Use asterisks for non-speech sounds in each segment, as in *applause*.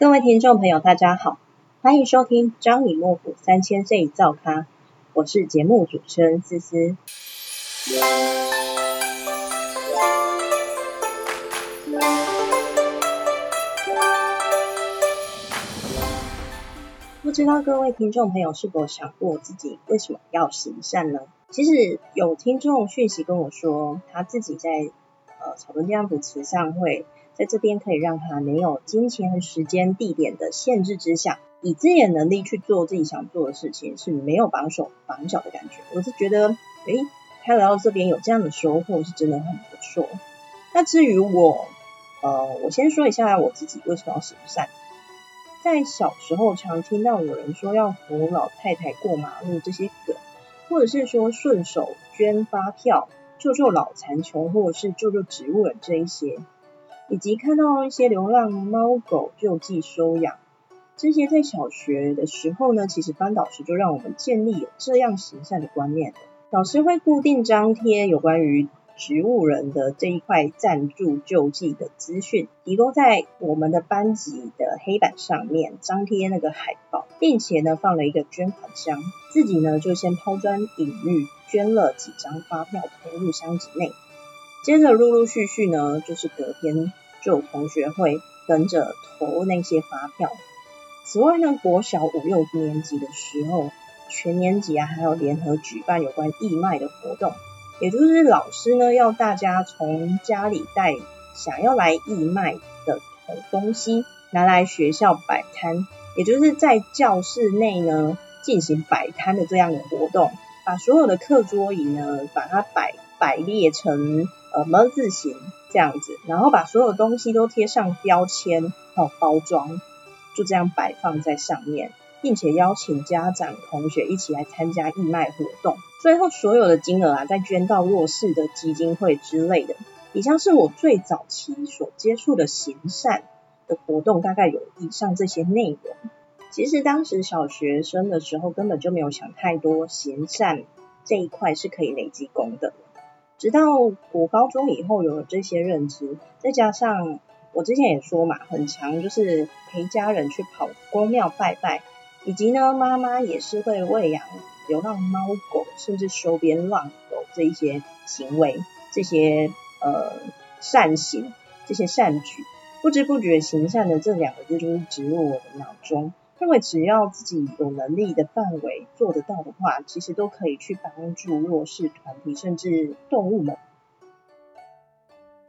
各位聽眾朋友，大家好，歡迎收聽《張李莫府三千歲造咖》，我是節目主持人思思。茲茲 *music* 不知道各位聽眾朋友是否想過自己為什麼要行善呢？其實有聽眾訊息跟我說，他自己在呃草根這樣子慈善會。在這邊可以讓他沒有金錢、時間、地點的限制之下，以自己的能力去做自己想做的事情，是沒有綁手綁腳的感覺。我是覺得，誒、欸、他來到這邊有這樣的收穫是真的很不錯。那至於我，呃，我先說一下我自己為什麼要行善。在小時候常聽到有人說要扶老太太過馬路這些梗，或者是說順手捐發票、救救老殘窮，或者是救救植物人這一些。以及看到一些流浪貓狗救濟收養，這些在小學的時候呢，其實班導師就讓我們建立有這樣行善的觀念。老師會固定張貼有關於植物人的這一塊贊助、救濟的資訊，提供在我們的班級的黑板上面張貼那個海報，並且呢放了一個捐款箱，自己呢就先拋磚引玉，捐了幾張發票投入箱子內。接着陸陸續續呢，就是隔天就有同學會跟着投那些發票。此外呢，國小五六年級的時候，全年級啊還有聯合舉辦有關義賣的活動，也就是老師呢要大家從家裡帶想要來義賣的的東西拿來學校擺攤，也就是在教室內呢進行擺攤的這樣的活動，把所有的課桌椅呢把它擺擺列成。呃，ㄇ 字形，這樣子，然後把所有東西都貼上標籤，還有包裝，就這樣擺放在上面，並且邀請家長、同學一起來參加義賣活動。最後，所有的金額啊，再捐到弱勢的基金會之類的。以上是我最早期所接觸的行善的活動，大概有以上這些內容。其實當時小學生的時候，根本就沒有想太多，行善這一塊是可以累積功德的。直到我高中以後有了這些認知，再加上我之前也說嘛，很常就是陪家人去跑公廟拜拜，以及呢媽媽也是會餵養流浪貓狗，甚至收編浪狗這一些行為，這些呃善行，這些善舉，不知不覺行善的這兩個字就，就是植入我的腦中。因為只要自己有能力的範圍做得到的話，其實都可以去幫助弱勢團體，甚至動物們。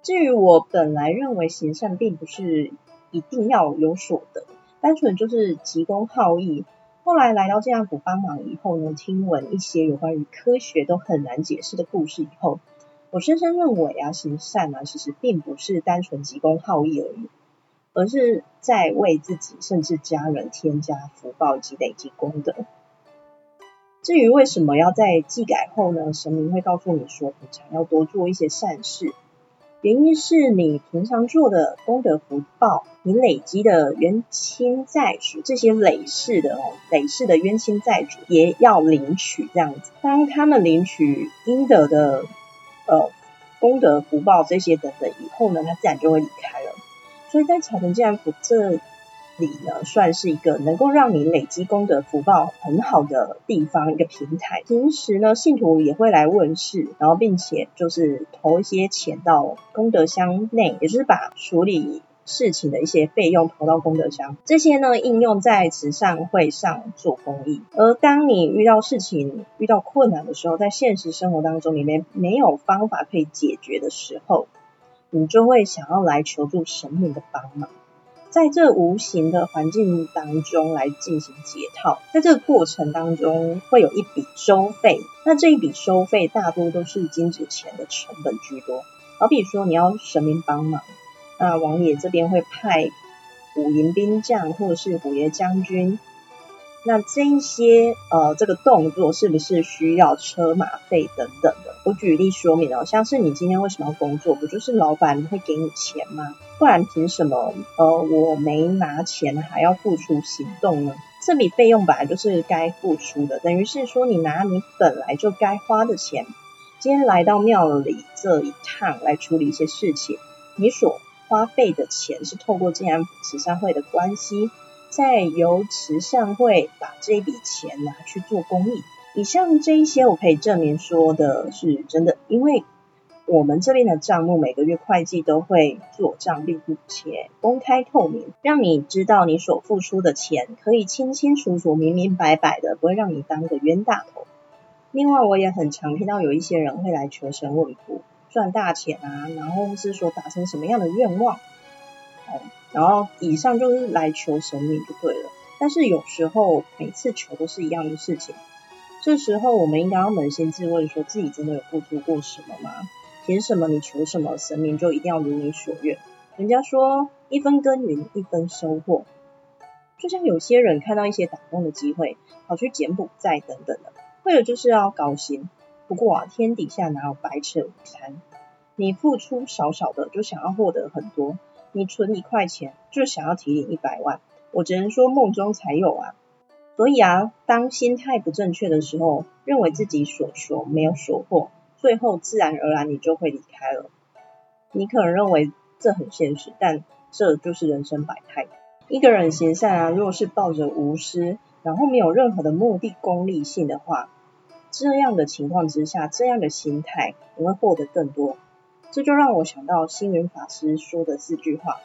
至於我本來認為行善並不是一定要有所得，單純就是急公好義。後來來到進安府幫忙以後呢，聽聞一些有關於科學都很難解釋的故事以後，我深深認為啊，行善啊，其實並不是單純急公好義而已。而是在為自己甚至家人添加福報以及累積功德。至於為什麼要在祭改後呢？神明會告訴你說，你想要多做一些善事。原因是你平常做的功德福報，你累積的冤親債主，這些累世的哦，累世的冤親債主也要領取這樣子。當他們領取應得的，呃，功德福報這些等等以後呢，他自然就會離開了。所以在草屯進安府這裡呢，算是一個能夠讓你累積功德福報很好的地方，一個平台。平時呢，信徒也會來問事，然後並且就是投一些錢到功德箱內，也就是把處理事情的一些費用投到功德箱。這些呢，應用在慈善會上做公益。而當你遇到事情、遇到困難的時候，在現實生活當中裡面沒有方法可以解決的時候。你就會想要來求助神明的幫忙，在這無形的環境當中來進行解套，在這個過程當中會有一筆收費，那這一筆收費大多都是金子錢的成本居多。好比說你要神明幫忙，那王爺這邊會派五營兵將或者是五爺將軍。那這一些呃，這個動作是不是需要車馬費等等的？我舉例說明哦，像是你今天為什麼要工作？不就是老闆會給你錢嗎？不然憑什麼？呃，我沒拿錢還要付出行動呢？這筆費用本來就是該付出的，等於是說你拿你本來就該花的錢，今天來到廟裡這一趟來處理一些事情，你所花費的錢是透過這樣慈善會的關係。再由慈善會把這筆錢拿去做公益。以上這一些我可以證明說的是真的，因為我們這邊的賬目每個月會計都會做賬，並且公開透明，讓你知道你所付出的錢可以清清楚楚、明明白白的，不會讓你當個冤大頭。另外，我也很常聽到有一些人會來求神問卜，賺大錢啊，然後是說達成什麼樣的願望，然後以上就是來求神明就對了，但是有時候每次求都是一樣的事情，這時候我們應該要捫心自問，說自己真的有付出過什麼嗎？憑什麼你求什麼神明就一定要如你所願？人家說一分耕耘一分收穫，就像有些人看到一些打工的機會，跑去柬埔寨等等的，為了就是要高薪。不過啊，天底下哪有白吃午餐？你付出少少的，就想要獲得很多。你存一塊錢就想要提領一百萬，我只能說夢中才有啊。所以啊，當心態不正確的時候，認為自己所求沒有所獲，最後自然而然你就會離開了。你可能認為這很現實，但這就是人生百態。一個人行善啊，如果是抱着無私，然後沒有任何的目的功利性的話，這樣的情況之下，這樣的心態你會獲得更多。這就讓我想到星雲法師說的四句話：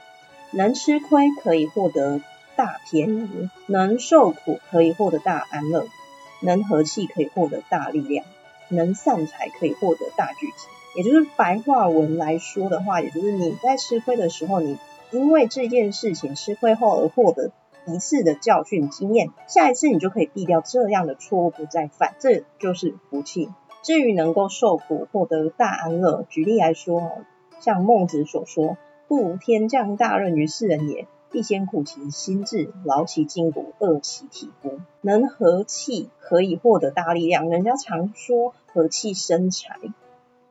能吃虧可以獲得大便宜，能受苦可以獲得大安樂，能和氣可以獲得大力量，能散財可以獲得大聚集。也就是白話文來說的話，也就是你在吃虧的時候，你因為這件事情吃虧後而獲得一次的教訓經驗，下一次你就可以避掉這樣的錯誤不再犯，這就是福氣。至於能夠受苦獲得大安樂，舉例來說，像孟子所說：“不天降大任於世人也，必先苦其心志，勞其筋骨，餓其體膚，能和氣，可以獲得大力量。”人家常說“和氣生財”，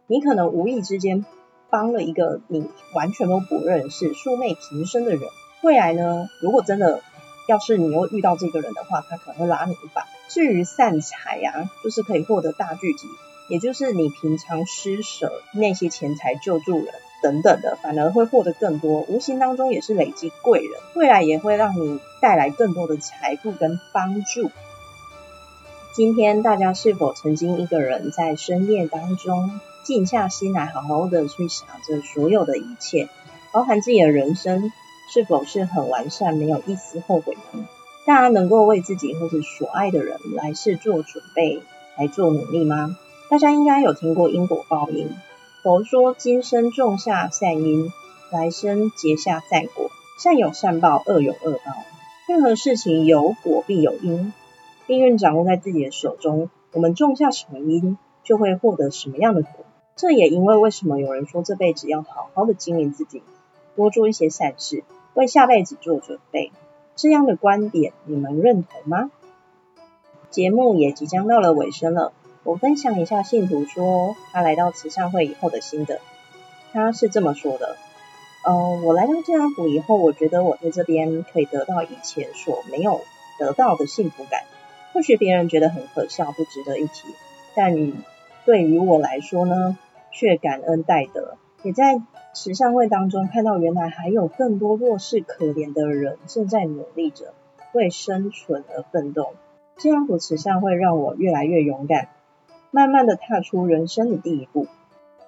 你可能無意之間幫了一個你完全都不認識、素昧平生的人，未來呢？如果真的。要是你又遇到這個人的話，他可能會拉你一把。至於散財啊，就是可以獲得大聚集，也就是你平常施捨那些錢財救助人等等的，反而會獲得更多，無形當中也是累積貴人，未來也會讓你帶來更多的財富跟幫助。今天大家是否曾經一個人在深夜當中靜下心來，好好的去想着所有的一切，包含自己的人生？是否是很完善，沒有一絲後悔呢？大家能夠為自己或者所愛的人來世做準備，來做努力嗎？大家應該有聽過因果報應。佛說，今生種下善因，來生結下善果；善有善報，惡有惡報。任何事情有果必有因，命運掌握在自己的手中。我們種下什麼因，就會獲得什麼樣的果。這也因為為什麼有人說這輩子要好好的經營自己。多做一些善事，為下輩子做準備。這樣的觀點，你們認同嗎？節目也即將到了尾聲了，我分享一下信徒說他來到慈善會以後的心得。他是這麼說的：嗯、呃，我來到進安府以後，我覺得我在這邊可以得到以前所沒有得到的幸福感。或許別人覺得很可笑，不值得一提，但對於我來說呢，卻感恩戴德，也在，慈善會當中看到，原來還有更多弱勢可憐的人正在努力着為生存而奮鬥。這樣的慈善會讓我越來越勇敢，慢慢的踏出人生的第一步。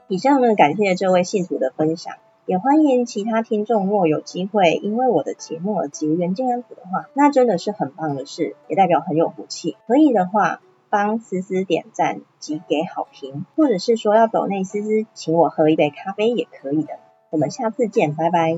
以上呢，感謝這位信徒的分享，也歡迎其他聽眾若有機會因為我的節目而結緣進安府的話，那真的是很棒的事，也代表很有福氣。可以的話。幫絲絲點讚及給好評，或者是說要抖內絲絲，請我喝一杯咖啡也可以的。我們下次見，拜拜。